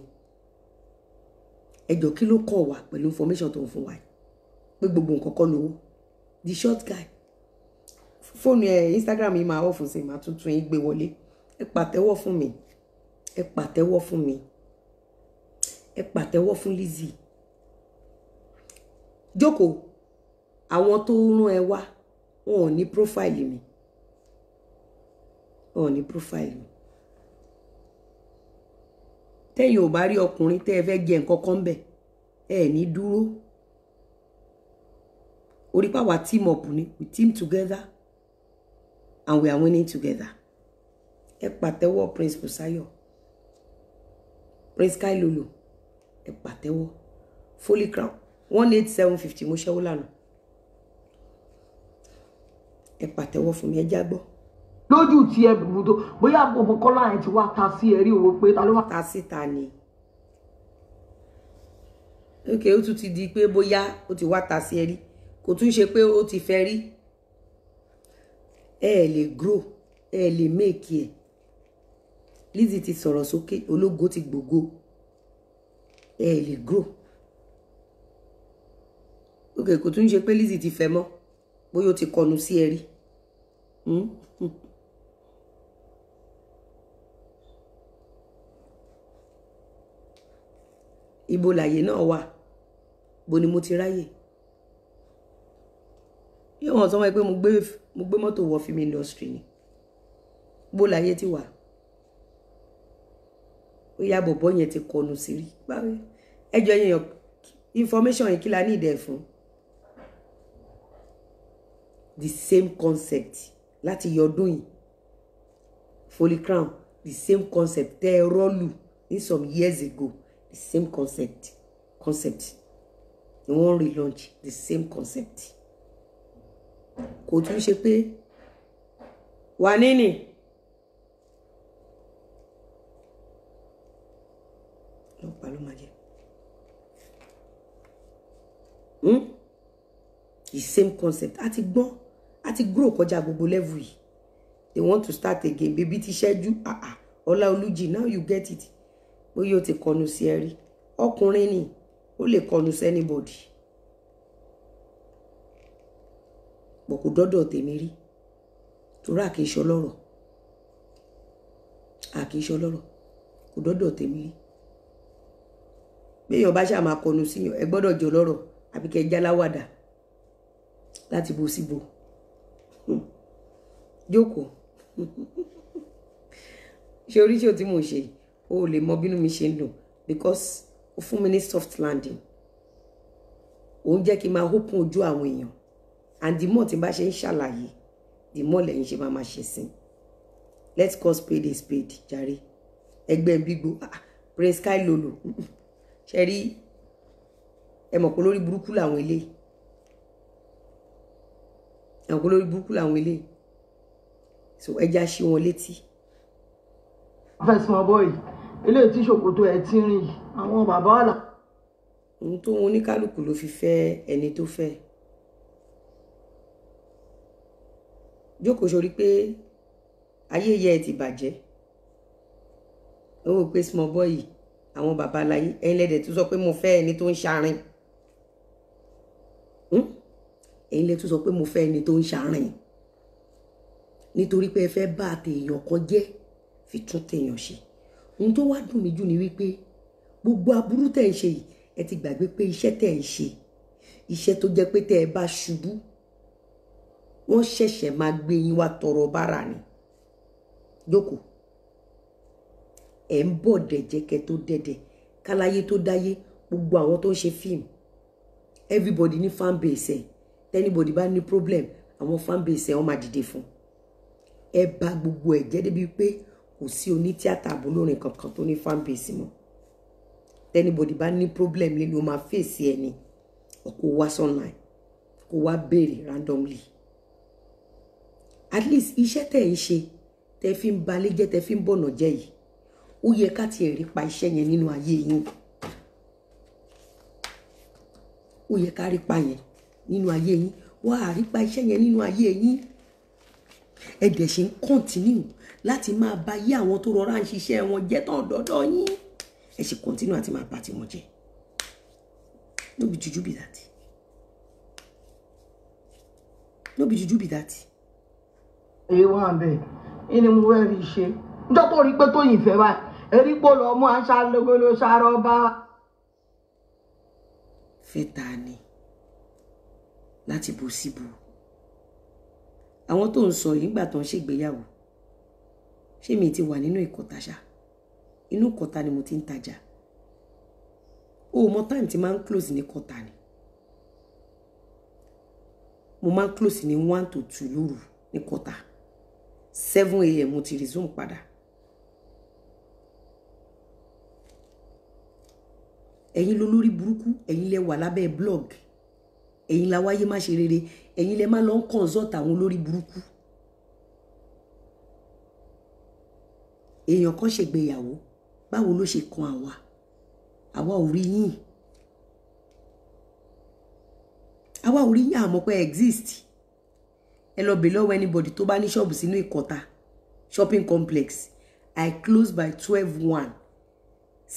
[SPEAKER 1] ẹjọ́ kí ló kọ̀ wá pẹ̀lú information tó ń fún wa pé gbogbo nǹkan kọ́ lówó the short guy fóònù ẹ̀ Instagram yìí máa ọ̀fù sí máa tuntun yìí gbé wọlé ẹ pàtẹ́wọ́ fún mi ẹ pàtẹ́wọ́ fún mi ẹ pàtẹ́wọ́ fún Lizzy jókòó àwọn tó rán ẹ wá wọn ò ní profile mi wọn ò ní profile mi tẹ́yìn ò bá rí ọkùnrin tẹ́ ẹ fẹ́ jẹ nǹkan kan bẹ̀ ẹ ní dúró orí pàwá team up ni we team together and we are winning together ẹ pàtẹ́wọ́ prince Busayo prince kailolo ẹ pàtẹ́wọ́ Folly Crown one eight seven fifty mo ṣẹ́wó lánàá ẹ pàtẹ́wọ́ fún mi ẹ já gbọ́. lójú tí ẹ bùrù tó bóyá gbogbo kọ́lá yẹn ti wá ta sí ẹ rí owó pé ta ló wá. ta síta ni ok ó tún ti di pé bóyá ó ti wá ta sí ẹ rí kò tún ṣe pé ti fẹ́ rí ẹ ẹ lè grow ẹ ẹ lè make ẹ e. Lizzy ti sọ̀rọ̀ sókè ológo ti gbògo ẹ ẹ lè grow ok kò tún ṣe pé Lizzy ti fẹ́ mọ́ bóyá ó ti kọnu sí ẹ rí hmm? ibo làyè náà wà bo ni mo ti ráyè wọn sọ wọn pé mo gbé mo gbé mọ́tò wọ film industry ni bó láyé ti wà ó yá bọ̀bọ̀ yẹn ti kọnu sí rí ẹjọ́ yẹn information yẹn kí la ní ìdẹ̀ fún the same concept láti yọdún yìí Foley Crown the same concept tẹ́ ẹ rọ́ọ̀lù ní some years ago the same concept concept ni wọ́n relaunch the same concept kò tún ṣe pé wà nínì lọ́pàá ló máa jẹ hmm? the same concept a ti gbọ́n grow kọjá gbogbo level yìí they want to start again baby ti ṣẹ́jú ah ah ọlá olùjì now you get it bóyá o ti kọnu sí ẹ rí ọkùnrin ni ó lè kọnu sí anybody. pọ̀ kó dọ́dọ̀ tèmi rí torí àkèéṣọ lọ́rọ̀ àkèéṣọ lọ́rọ̀ kò dọ́dọ̀ tèmi rí béèyàn bá ṣáà máa kọnu síyàn ẹ gbọ́dọ̀ jọ lọ́rọ̀ àbí kẹ́ ẹ jáláwàdà láti bo síbo hmm. jókòó <laughs> ṣe oríṣi tí mo ṣe o lè mọ bínú mi ṣe ń dùn because o fún mi ní soft landing òun jẹ́ kí n máa hókun ojú àwọn èèyàn and the more tí n bá ṣe the more lẹ́yìn ṣe máa máa ṣe sìn let's call spade a spade jàre ẹgbẹ́ gbígbó ah, prince kai lolo <laughs> ṣe rí ẹ mọ̀ pé lórí burúkú làwọn eléyìí ẹ mọ̀ pé lórí burúkú làwọn eléyìí so ẹja ṣí wọn létí. fẹsùn ọbọ yìí eléyìí tí ṣòkòtò ẹ ti rìn àwọn bàbá ọlà. ohun tó wọn oníkálukú ló fi fẹ́ ẹni tó fẹ́ jókòó sórí pé ayé yẹ ẹ ti bàjẹ́ ó wò pé small boy yìí àwọn bàbá aláyé ẹ̀yin lẹ́dẹ̀ tó sọ pé mo fẹ́ ẹni tó ń ṣarin hm? ẹ̀yin lẹ́dẹ̀ tó sọ pé mo fẹ́ ẹni tó ń ṣarin nítorí pé ẹ fẹ́ bá àtẹ̀yàn kan jẹ́ fi tún tẹ̀yàn ṣe ohun tó wá dùn mí jù ni wípé gbogbo aburú tẹ̀ ń ṣe yìí ẹ ti gbàgbé pé iṣẹ́ tẹ̀ ń ṣe iṣẹ́ tó jẹ́ pé tẹ́ ẹ bá ṣubú wọ́n ṣẹ̀ṣẹ̀ máa gbé yín wá tọrọ bára ni jókòó ẹ̀ ń bọ̀ dẹ̀jẹ̀kẹ́ tó dẹ̀dẹ̀ káláyé tó dáyé gbogbo àwọn tó ń ṣe fíìmù everybody ní fan base ẹ̀ tẹ́nibọ̀dì bá ní problem àwọn fan base ẹ̀ wọ́n máa dìde fún ẹ bà gbogbo ẹ̀ jẹ́ débi pé kò sí onítíátà àbólórin kankan tó ní fan base mọ́ tẹ́nibọ̀dì bá ní problem lẹ́nu ó máa fèsì ẹ̀ ni kó wá online kó wá béèrè randomly at least iṣẹ́ tẹ̀ ń ṣe tẹ̀ fi ń balẹ̀ jẹ́ tẹ̀ fi ń bọ̀nà jẹ́ yìí ó yẹ ká tiẹ̀ rí pa iṣẹ́ yẹn nínú ayé yín ó yẹ ká rí pa yẹn nínú ayé yín wá rí pa iṣẹ́ yẹn nínú ayé yín ẹ dẹ̀ ṣe ń kọ́ntínú láti máa bá yé àwọn tó rọra ń ṣiṣẹ́ wọn jẹ́ tán dọ́dọ́ yín ẹ ṣe kọ́ntínú àti máa bá tiwọn jẹ́ no be juju be that no be juju be that èyí wà bẹ́ẹ̀ kí ni mo fẹ́ fi ṣe níjọ́ tó rí pé tó yìn fẹ́ báyìí erí pò lọ mú aṣá lógolo ṣàrọ̀ bá. fẹ́ta ni láti bò síbò àwọn tó ń sọ yìí gbà tó ń ṣègbéyàwó ṣé mi ti wà nínú ìkọta inú kọta ni mo ti ń tajà o mọ táìmù tí máa ń close ní kọta ni mo máa ń close ní one to two lóru ní kọta seven a.m. mo ti resume padà. ẹ̀yin ló lórí burúkú ẹ̀yin lẹ wà lábẹ́ blog ẹ̀yin la wáyé má ṣe rere ẹ̀yin lẹ má lọ ń consult àwọn olórí burúkú. èèyàn kan ṣègbéyàwó báwo ló ṣe kan àwa àwa ò rí yín àwa ò rí yín àmọ́ pé exist ẹ lọ bèè lọ́wọ́ anybody tó bá ní ṣọ́ọ̀bù sínú ìkọta shopping complex i close by twelve one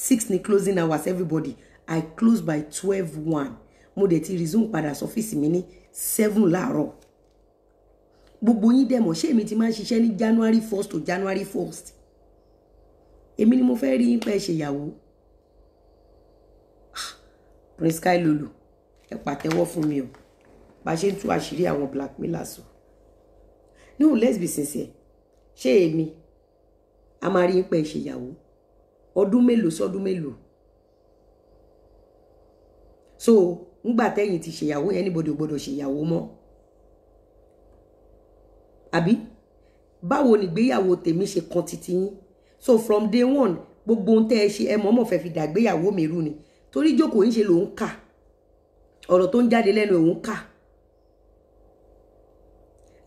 [SPEAKER 1] six ni closing hours everybody i close by twelve one mo dẹ̀ ti resume padà sọ́fíìsì mi ní seven láàárọ̀ gbogbo yín dẹ̀ mọ̀ ṣé èmi ti máa ń ṣiṣẹ́ ní january first to january first èmi ni mo fẹ́ rí yín pé ẹ ṣèyàwó ah, prince kailulu ẹ pàtẹ́wọ́ fún mi o bá ṣe ń tú àṣírí àwọn blackmailers o no let's be sincere ṣé èmi a máa rí pé ìṣèyàwó ọdún mélòó sọdún mélòó so ngbà tẹ́yìn ti ṣèyàwó yẹn anybody ò gbọ́dọ̀ ṣèyàwó mọ́ àbí báwo nìgbéyàwó tèmi ṣe kan titi yín so from day one gbogbo ohun tẹ́ ẹ ṣe ẹ mọ̀ọ́mọ̀ fẹ́ fi dàgbéyàwó mi rú ni torí jókòó ń ṣe lòun kà ọ̀rọ̀ tó ń jáde lẹ́nu òun kà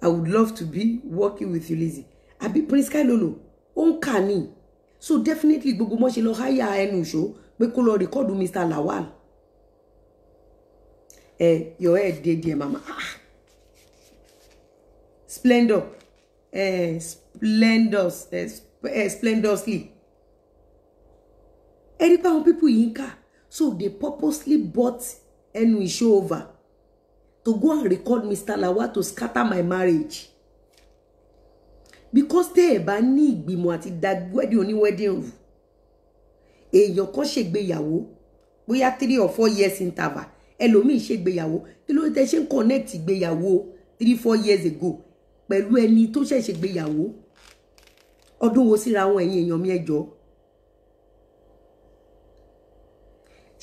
[SPEAKER 1] I would love to be working with you Lizzie. I be Prince Kailolo ó ń kà so definitely gbogbo mọ́ ṣe lọ háyà ẹnu ìṣó pé kó lọ rìkọ́dù Mr Lawal your head ẹ dear, mama ah splendor eh, splendors eh, Splendorsly. eh, splendorously ẹ rí so they purposely bought ẹnu ìṣó over to go and record Mr. Lawa to scatter my marriage because tẹ́ ẹ̀ bá ní ìgbìmọ̀ àti dagwẹ́dì oníwẹ́dìn rù èèyàn kan ṣègbéyàwó bóyá three or four years interval ẹlòmíì ṣègbéyàwó kí ló tẹ́ ṣe ń connect ìgbéyàwó three four years ago pẹ̀lú ẹni tó ṣẹ̀ṣẹ̀ gbéyàwó ọdún wo síra wọn ẹ̀yin èèyàn mi ẹjọ́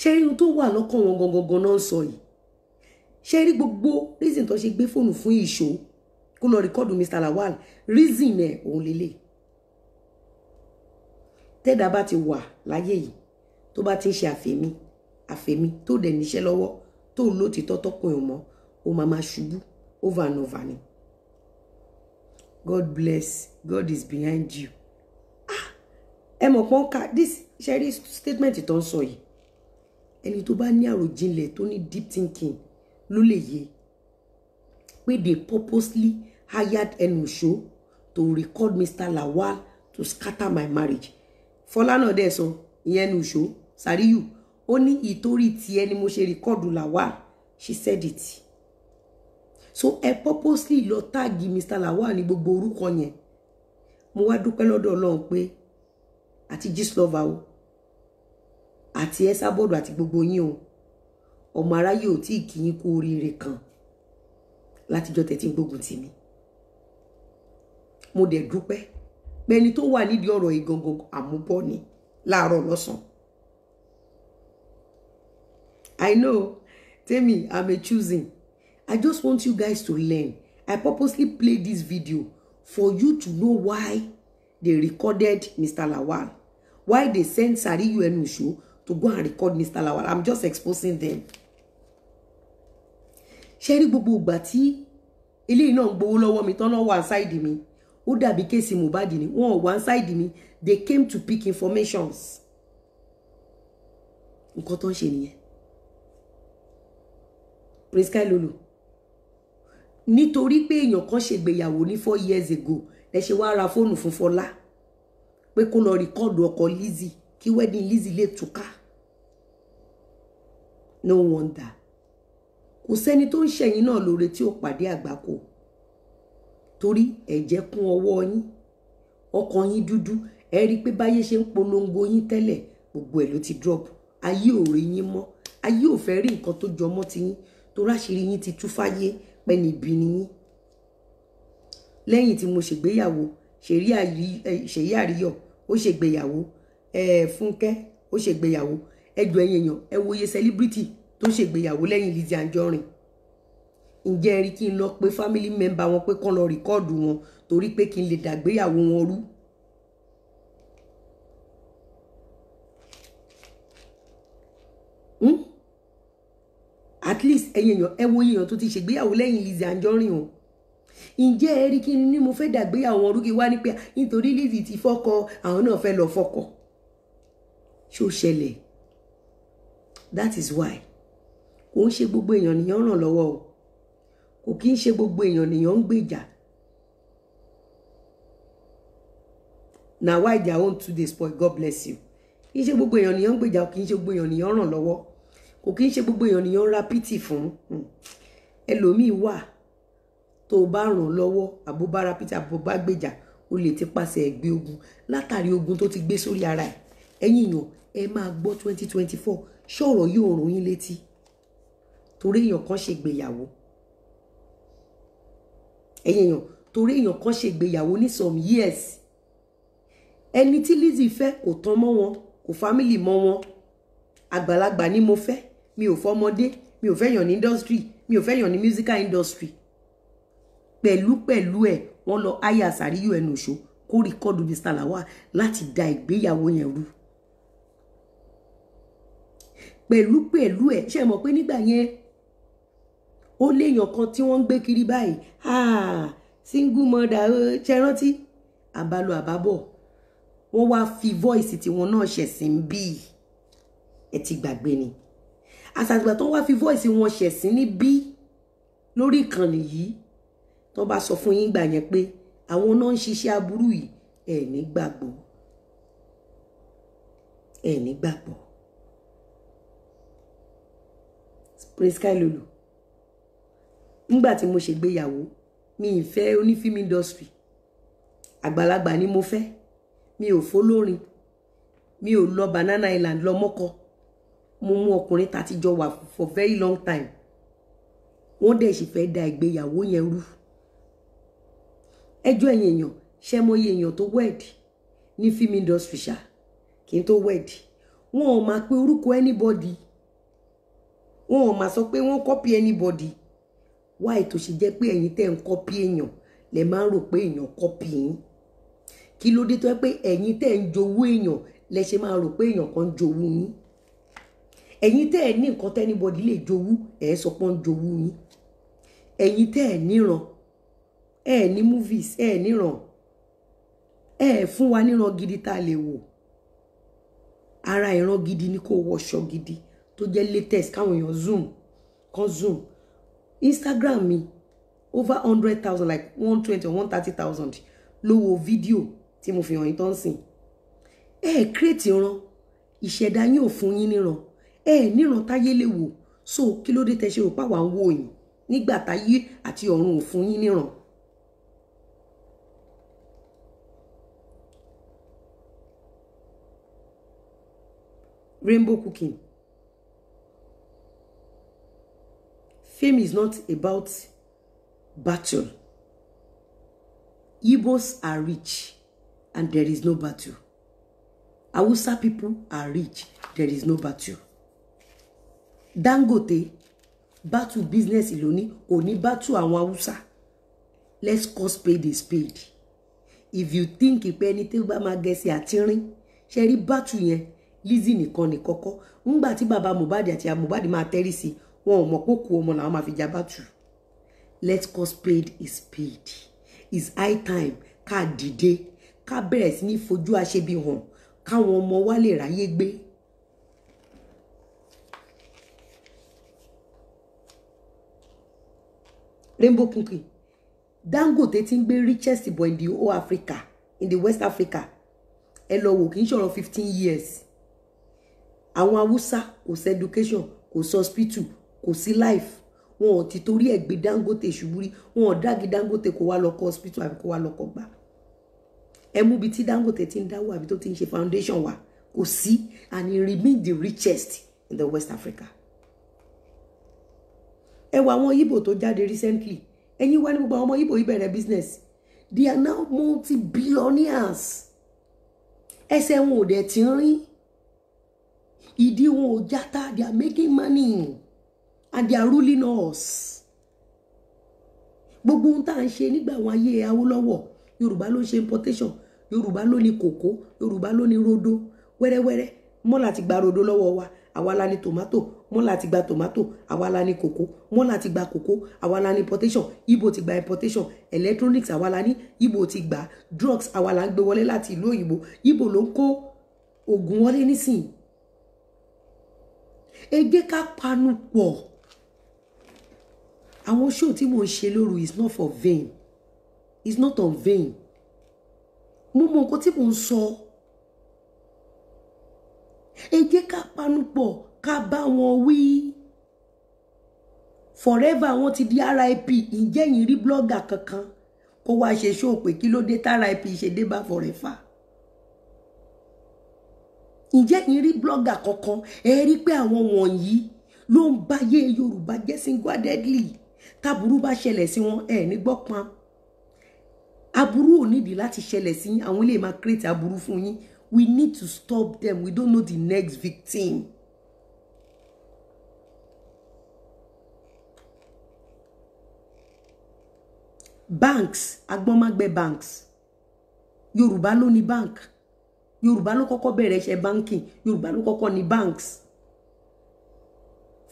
[SPEAKER 1] ṣé irun tó wà lọ́kàn wọn gangan náà ń sọ yìí ṣe rí gbogbo reason tó ṣe gbé fóònù fún ìṣó kó lọ rìkọ́dù Mr Lawal reason ẹ̀ òun lélẹ̀ tẹ́dà bá ti wà láyé yìí tó bá ti ń ṣe àfẹ́mí àfẹ́mí tó dẹ̀ níṣẹ́ lọ́wọ́ tó ń lótìtọ́ tọkùn ẹ̀ mọ́ ó máa máa ṣubú over and over ni God bless God is behind you ah, ẹ mọ̀ pọ́n ká this ṣe rí statement tó ń sọ yìí ẹni tó bá ní àròjinlẹ̀ tó ní deep thinking ló lè pé they purposely hired ẹnùṣó to record Mr. Lawal to scatter my marriage Fọlánà dẹ̀ sọ ìyẹn ẹnùṣó Sàríyù ó ní ìtorí tiẹ̀ ni mo ṣe rìkọ́ọ̀dù Lawal she said it so ẹ purposely lọ táàgì Mr. Lawal ní gbogbo orúkọ yẹn mo wá dúpẹ́ lọ́dọ̀ Ọlọ́run pé àti Gistlover o àti ẹ sábọ́ọ̀dù àti gbogbo yín o ọmọ aráyé ò tí ì kí kú oríire kan látijọ́ tẹ̀tí ń gbógun tì mí mo dẹ̀ dúpẹ́ pé ẹni tó wà nídìí ọ̀rọ̀ ìgangan àmúbọ̀ ni láàárọ̀ lọ́sàn-án I know tèmi I'm a choosing I just want you guys to learn I purposely play this video for you to know why they recorded Mr. Lawal why they sent Sariyu Enusu to go and record Mr. Lawal I'm just exposing them ṣe rí gbogbo ìgbà tí eléyìí náà ń gbowó lọ́wọ́ mi tán náà wà ṣáìdì mi ó dàbí kéèsì Mohbad ni wọn ò wá ṣáìdì mi they came to pick informations nǹkan tó ń ṣe nìyẹn Prince Kai Lolo nítorí pé èèyàn kan ṣègbéyàwó ní four years ago ẹ ṣe wá ra fóònù fún Fọlá pé kó lọ rìkọ́ọ̀dù ọkọ Lizzy kí wedding Lizzy lè túká no wonder kò sẹ́ni tó ń ṣẹ̀yìn náà lóore tí ó pàdé àgbákò torí ẹ̀jẹ̀ kún ọwọ́ yín ọkàn yín dúdú ẹ rí i pé báyé ṣe ń polongo yín tẹ́lẹ̀ gbogbo ẹ̀ ló ti drop ayé ò rí yín mọ́ ayé ò fẹ́ rí nǹkan tó jọmọ́ ti yín torí àṣírí yín ti tú fáyé pẹ́ni ibi ni yín lẹ́yìn tí mo ṣègbéyàwó ṣèyí àríyọ̀ ó ṣègbéyàwó fúnkẹ́ ó ṣègbéyàwó ẹjọ́ ẹ wòye celebrity tó ṣègbéyàwó lẹ́yìn Lizzie Anjorin ǹjẹ́ ẹ rí kí n lọ pé family member wọn pé kán lọ rìkọ́ọ̀dù wọn torí pé kí n lè dàgbéyàwó wọn rú. Hmm? at least ẹ̀yin èèyàn ẹ wo èèyàn tó ti ṣègbéyàwó lẹ́yìn Lizzie Anjorin o ǹjẹ́ ẹ rí kí n ní mo fẹ́ dàgbéyàwó wọn rú kí wá ní pé nítorí Lizzie ti fọ́kọ àwọn náà fẹ́ lọ fọ́kọ ṣó ṣẹlẹ̀ that is why kò ń ṣe gbogbo èèyàn nìyẹn ń ràn lọ́wọ́ o kò kí ń ṣe gbogbo èèyàn nìyẹn ń gbèjà na why their own two dey spoil God bless you kì í ṣe gbogbo èèyàn nìyẹn ń gbèjà kì í ṣe gbogbo èèyàn nìyẹn ń ràn lọ́wọ́ kò kí ń ṣe gbogbo èèyàn nìyẹn ń ra pity fún hmm. ẹlòmíì wà tó o bá ràn lọ́wọ́ àbúbára pity àbúbá gbèjà o lè ti pàṣẹ ẹgbẹ́ ogun látàrí ogun tó ti gbé sórí ara ẹ̀ ẹ̀yin èèyàn ẹ máa gbọ́ twenty twenty four ṣọ̀rọ̀ yóò rún yín létí torí èèyàn kan ṣègbéyàwó ẹ̀yin èèyàn torí èèyàn kan ṣègbéyàwó ní some years ẹni tí Lizzy fẹ́ kò tán mọ́ wọn kò fámìlì mọ́ wọn àgbàlagbà ni mo fẹ́ mi ò fọmọdé mi ò fẹ́ yàn ní industry mi ò fẹ́ yàn ní musical industry pẹ̀lú pẹ̀lú ẹ̀ wọ́n lọ ayé àsàríyù ẹnu òṣó kó rìkọ́dù Mr Lawal láti da ìgbéyàwó yẹn rú pẹ̀lú pẹ̀lú ẹ̀ ṣe mọ̀ pé nígbà yẹn ó léèyàn kan tí wọ́n ń gbé kiri báyìí ah, single mother ṣe rántí abalo ababo wọ́n wá fi voice tiwọn náà ṣẹ̀sìn bíi ẹ ti gbàgbé ni àsàgbà tó wá fi voice wọn ṣẹ̀sìn níbí lórí ìkànnì yìí tó bá sọ fún yín gbà yẹn pé àwọn náà ń ṣiṣẹ́ aburú yìí ẹ̀ ní gbàgbọ́ ẹ̀ ní gbàgbọ́ Prince Kailolo nígbà tí mo ṣègbéyàwó mi ì fẹ́ onífilm industry àgbàlagbà ni mo fẹ́ mi ò fọlórin mi ò lọ banana island lọ moko. mo mú ọkùnrin tá ti jọ wà for very long time wọ́n dẹ̀ sì fẹ́ da ìgbéyàwó yẹn rú Ejo ẹ̀yìn èèyàn ṣe mọ iye èèyàn tó wẹ̀dì ní film industry ṣá kí n tó wẹ̀dì wọn ò pe orúkọ anybody wọn ò máa sọ pé wọ́n kọ́pì anybody wá ètò ṣe jẹ́ pé ẹ̀yin tẹ́ ń kọ́pì èèyàn lè máa ń rò pé èèyàn kọ́pì yín kí ló dé tó yẹ pé ẹ̀yin tẹ́ ń jowó èèyàn lẹ ṣe máa rò pé èèyàn kan ń jowó yín ẹ̀yin tẹ́ ẹ̀ ní nǹkan tẹ́nibọ́dì lè jowú ẹ̀ sọ pé ń jowú yín ẹ̀yin tẹ́ ẹ̀ níran ẹ̀ ní movies ẹ̀ níran ẹ̀ fún wa níran gidi tá a lè wò ara ìran gidi ni kò wọṣọ gidi tó jẹ́ latest káwọn èèyàn zoom kan zoom Instagram mi over hundred thousand like one twenty or one thirty thousand ló video fídíò tí mo fi hàn yín tó ń sìn ẹ ẹ kírètì ran ìṣẹ̀dá yín ò fún yín níran ẹ ẹ níran táyé lè wò so kí ló dé tẹ ṣe rò páwa ń wò yín nígbà táyé àti ọ̀run ò fún yín níran. rainbow cooking Fame is not about battle. Igbos are rich and there is no battle. Hausa people are rich, there is no battle. Dangote, battle business ìlóní, Only battle àwọn Hausa. Let's call spade a spade. If you think ìpẹ́ ẹni tí ó bá máa gẹ̀ẹ́sì àtìrín, Sherry, battle yẹn Lizzy ni ní kọ́kọ́. Ńgbà tí bàbá Mohbad àti mubadi máa tẹ́rí wọn ò mọ̀ pé òkú ọmọ làwọn máa fi jábá tù let cause spade is spade is high time ká dìde ká bẹ̀rẹ̀ sí ní fojú aṣebi hàn káwọn ọmọ wa lè ráyé gbé. rainbow pumpkin dangote ti ń gbé richest boy in the whole africa in the west africa ẹ lọ wò kì í ṣọ̀rọ̀ fifteen years àwọn haúsá kò sí education kò sí hospital kò sí life wọn ò ti torí ẹ̀ gbé Dangote ṣubú rí wọn ò dági Dangote kó wá lọ kọ́ hospital àbí kó wá lọ kọ́ gbà ẹ mú bi tí Dangote ti ń dáwọ́ àbí tó ti ń ṣe foundation wa kò sí and he remain the richest in the West Africa ẹ wọ àwọn Ìgbò tó jáde recently ẹ̀yin wá ní gbogbo àwọn ọmọ Ìgbò yìí bẹ̀rẹ̀ business they are now multi-billionaires ẹsẹ̀ wọn ò dẹ̀ ti rìn ìdí wọn ò játa they are making money and they are ruling us gbogbo ohun tá à ń ṣe nígbà àwọn ayé Awólọ́wọ̀ Yorùbá ló ṣe importation Yorùbá ló ní kòkó Yorùbá ló ní rodo wẹ́rẹ́wẹ́rẹ́ mọ́ láti gba rodo lọ́wọ́ wa àwa la ní tòmátò mọ́ láti gba tòmátò àwa la ní kòkó mọ́ láti gba kòkó àwa la ní importation Ibo ti gba importation electronics àwa la ní Ìgbò ti gba drugs àwa la ń gbé wọlé láti ìlú òyìnbó Ìgbò ló ń kó oògùn wọlé nísìnyí ẹ ká panu pọ̀ àwọn show tí mò ń ṣe lóru is not for vain is not on vain mo mọ nǹkan tí mò ń sọ ẹ jẹ́ ká panupọ̀ ká bá wọn wí forever wọn ti di RIP ǹjẹ́ yìí rí blogger kankan kó wá ṣe show pé kí ló dé tá RIP ṣe dé bá forever ǹjẹ́ yìí rí blogger kankan ẹ rí pé àwọn wọ̀nyí ló ń báyé Yorùbá jẹ́ single-handedly táburú bá ṣẹlẹ̀ sí wọn ẹ̀ ní gbọ́pọn aburú ò nídìí láti ṣẹlẹ̀ sí yín àwọn ilé máa create aburú fún yín we need to stop them we don't know the next victim. banks agbọ́nmágbé banks yorùbá ló ní bank yorùbá ló kọ́kọ́ bẹ̀rẹ̀ iṣẹ́ banking yorùbá ló kọ́kọ́ ní banks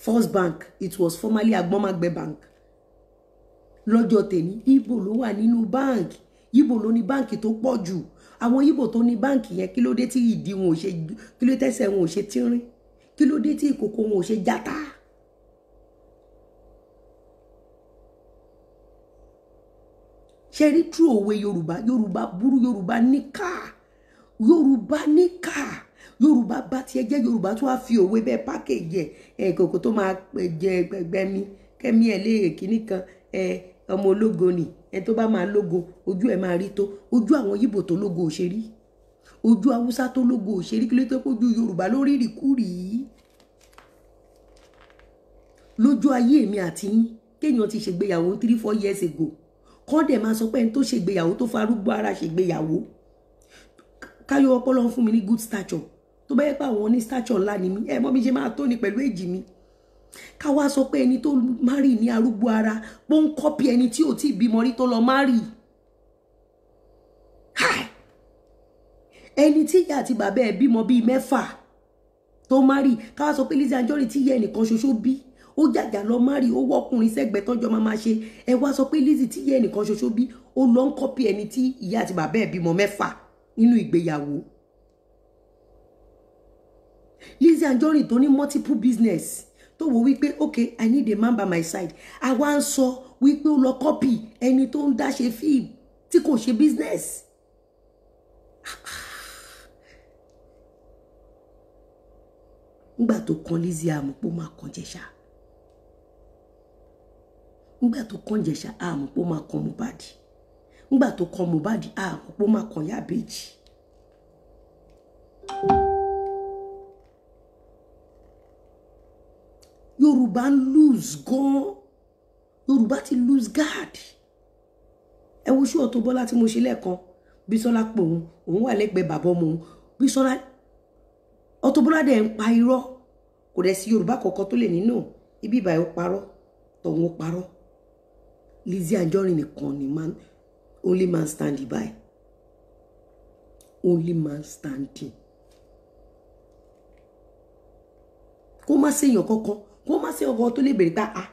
[SPEAKER 1] first bank it was formerly agbọ́nmágbé bank lọ́jọ́ tèmi ibo ló wà nínú báǹkì ibo ló ní báǹkì tó pọ̀ jù àwọn ibo tó ní báǹkì yẹn kí ló dé tí ìdí wọn ò ṣe kí ló tẹ̀sẹ̀ wọn ò ṣe tínrín kí ló dé tí ìkòkò wọn ò ṣe játa. ṣe rí tú òwe yorùbá yorùbá burú yorùbá níkà yorùbá níkà yorùbá bá tiẹ̀ jẹ́ yorùbá tó wá fi òwe bẹ́ẹ̀ pákéjì ẹ̀ kòkò tó máa jẹ gbẹgbẹmí kẹ́mi ẹ̀ lé èkíní ẹ̀ ọmọ ológo ni ẹni tó bá máa lógo ojú ẹ̀ máa rí tó ojú àwọn yíbò tó lógo ò ṣe rí ojú haúsá tó lógo ò ṣe rí kí ló tó kójú yorùbá ló rí rìkúrì lójú ayé mi àti yín kéèyàn ti ṣègbéyàwó three four years ago kọ́ dẹ̀ máa sọ pé ẹni tó ṣègbéyàwó tó farúgbó ara ṣègbéyàwó káyọ̀ ọpọlọ fún mi ní good stature tó bá yẹ pé àwọn ní stature ńlá ni mí ẹ mọ̀ mi ṣe máa tó ni pẹ̀lú èjì mi ká wá sọ pé ẹni tó márì ní arúgbó ara bó ń kọ́pì ẹni tí ò tí ì bímọ rí tó lọ márì ẹni tí ìyá àti bàbá ẹ bímọ bíi mẹ́fà tó márì ká wá sọ pé Lizzy Anjorin tí ìyá ẹnìkan ṣoṣo bí ó jàjà lọ márì ó wọkùnrin sẹgbẹ tọjọ máa máa ṣe ẹ wá sọ pé Lizzy tí ìyá ẹnìkan ṣoṣo bí ó lọ ń kọ́pì ẹni tí ìyá àti bàbá ẹ bímọ mẹ́fà nínú ìgbéyàwó Lizzy Anjorin tó ní multiple business tó wò wípé ok i need a man by my side I ń sọ wípé ó lọ kọ́pì ẹni tó ń dá ṣe fíìmù tí kò ṣe business. ngbà tó kan Lizzie àmọ́ pé ó máa kan jẹ̀ṣà ngbà tó kan jẹ̀ṣà àmọ́ pé ó máa kan Mohbad ngbà tó kan Mohbad àmọ́ máa kan Ìyá thank you yorùbá lose gan yorùbá ti lose guard ẹ wo ṣó Auto Bola tí mo ṣe lẹ́ẹ̀kan Bísọ́lá pé òun òun wà lẹ́gbẹ̀ẹ́ bàbá ọmọ òun Bísọ́lá Auto Bola dẹ̀ ń pa irọ́ kò dẹ̀ sí yorùbá kọ̀ọ̀kan tó lè nínú ibi ìbàyẹ̀ ó parọ́ tọ̀hún ó parọ́ Lizzy Anjorin nìkan ni man only man stand by only man standing kó má séèyàn kankan kó má sí ọkọ tó lè bèrè pé a ah,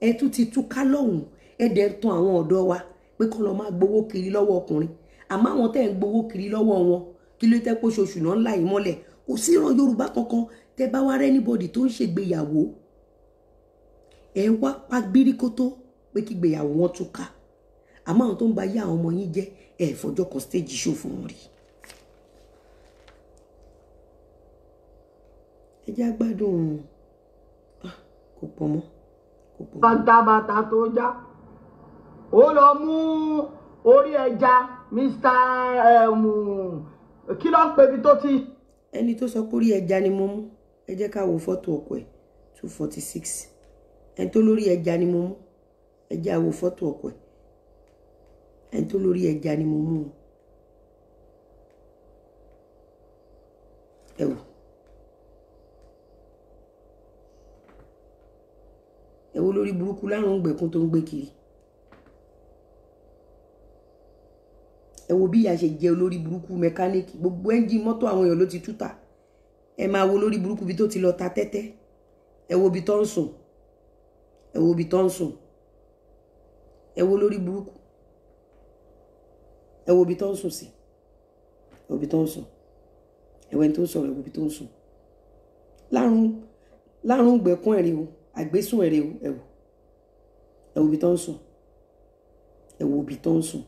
[SPEAKER 1] ẹ tún ti túká lọ́hùn ẹ dẹ̀ ń tan àwọn ọ̀dọ́ wa pé kọ́ lọ́ọ́ máa gbowó kiri lọ́wọ́ ọkùnrin àmọ́ àwọn tẹ́ ń gbowó kiri lọ́wọ́ wọn kí ló tẹ́ pọ́ ṣoṣù náà ńlá ìmọ́lẹ̀ kò sí ìran Yorùbá kankan tẹ́ bá wá rẹ́nibọ́dì tó ń ṣègbéyàwó ẹ wá pa gbíríkótó pé kí gbéyàwó wọn túká àmọ́ àwọn tó ń ba yé àwọn ọmọ yín jẹ́ ẹ̀ fọjọ́ kan stéèjì ṣòfò wọn rí. ẹ jẹ́ àgbádùn kò pọ̀ mọ́. bàtà bàtà tó já ó lọ mú orí ẹja mr um, kí ló ń pe ibi tó ti. ẹni tó sọ pé orí ni mo mú ẹ jẹ́ ká wo fọ́tò ọkọ ẹ̀ two forty six ẹni tó lórí ni mo mú ẹ jẹ́ á wo fọ́tò ọkọ ẹ̀ ẹni tó lórí ẹja ni mo mú o. ẹ wo lórí burúkú lárùn ògbẹ̀kún tó ń gbé kiri ẹ wo bí ìyá ṣe jẹ olórí burúkú mẹkáníìkì gbogbo ẹ́ńjì mọ́tò àwọn èèyàn ló ti túta ẹ máa wo lórí burúkú bí tó ti lọ ta tẹ́tẹ́ ẹ wo bí tó ń sùn ẹ bí tó ń sùn ẹ lórí burúkú ẹ bí tó ń sùn sí ẹ bí tó ń sùn ẹ wo tó ń sọ̀rọ̀ ẹ bí tó ń sùn lárùn lárùn gbẹ̀kún ẹ̀rí o àgbésùn ẹ̀rẹ̀ ẹ̀wò ẹ̀wò ibi tó ń sùn ẹ̀wò ibi tó ń sùn.